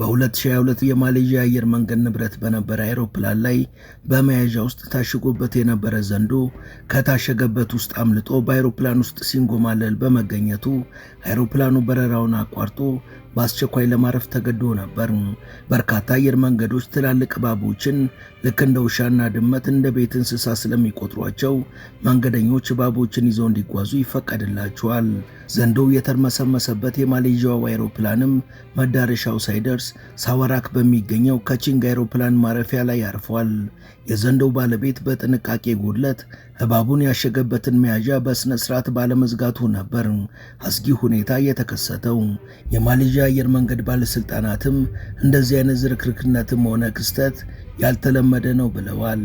በ2022 የማሌዥያ አየር መንገድ ንብረት በነበረ አይሮፕላን ላይ በመያዣ ውስጥ ታሽጎበት የነበረ ዘንዶ ከታሸገበት ውስጥ አምልጦ በአይሮፕላን ውስጥ ሲንጎማለል በመገኘቱ አይሮፕላኑ በረራውን አቋርጦ በአስቸኳይ ለማረፍ ተገዶ ነበር። በርካታ አየር መንገዶች ትላልቅ እባቦችን ልክ እንደ ውሻና ድመት እንደ ቤት እንስሳ ስለሚቆጥሯቸው መንገደኞች እባቦችን ይዘው እንዲጓዙ ይፈቀድላቸዋል። ዘንዶው የተርመሰመሰበት የማሌዥያው አይሮፕላንም መዳረሻው ሳይደርስ ሳዋራክ በሚገኘው ከቺንግ አይሮፕላን ማረፊያ ላይ አርፏል። የዘንዶው ባለቤት በጥንቃቄ ጉድለት እባቡን ያሸገበትን መያዣ በሥነ ሥርዓት ባለመዝጋቱ ነበር አስጊ ሁኔታ የተከሰተው። የማሌዥያ አየር መንገድ ባለሥልጣናትም እንደዚህ አይነት ዝርክርክነትም ሆነ ክስተት ያልተለመደ ነው ብለዋል።